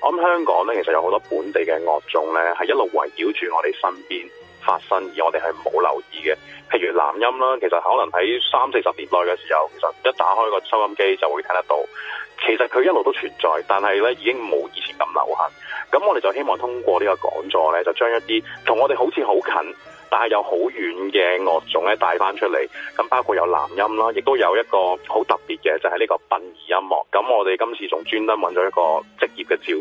我諗香港咧，其實有好多本地嘅樂種咧，係一路圍繞住我哋身邊發生，而我哋係冇留意嘅。譬如南音啦，其實可能喺三四十年代嘅時候，其實一打開個收音機就會聽得到。其實佢一路都存在，但係咧已經冇以前咁流行。咁我哋就希望通過個講呢個講座咧，就將一啲同我哋好似好近，但係又好遠嘅樂種咧帶翻出嚟。咁包括有南音啦，亦都有一個好特別嘅就係，是，呢個殯儀音樂。咁我哋今次仲專登揾咗一個職業嘅照。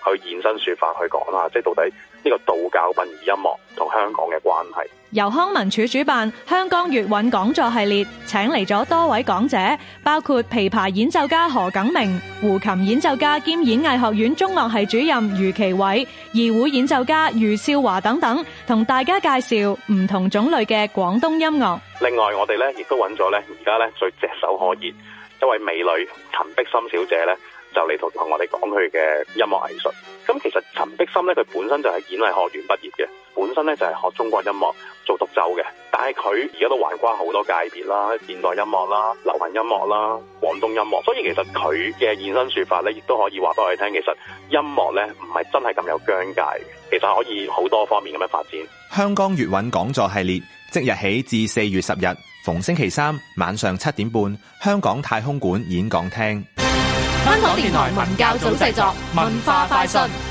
去現身説法去講啦，即係到底呢個道教民謠音樂同香港嘅關係。由康文署主辦香港粵韻講座系列，請嚟咗多位講者，包括琵琶演奏家何錦明、胡琴演奏家兼演藝學院中樂系主任余其偉、二胡演奏家余少華等等，同大家介紹唔同種類嘅廣東音樂。另外我們呢，我哋咧亦都揾咗咧，而家咧最炙手可熱一位美女陳碧心小姐咧。就嚟同同我哋講佢嘅音樂藝術。咁其實陳碧森咧，佢本身就係演藝學院畢業嘅，本身咧就係學中國音樂做獨奏嘅。但係佢而家都橫跨好多界別啦，現代音樂啦、流行音樂啦、廣東音樂。所以其實佢嘅現身說法咧，亦都可以話俾我哋聽。其實音樂咧唔係真係咁有疆界嘅，其實可以好多方面咁樣發展。香港粵韻講座系列即日起至四月十日，逢星期三晚上七點半，香港太空館演講廳。 香港電台文教組製作，文,文化快訊。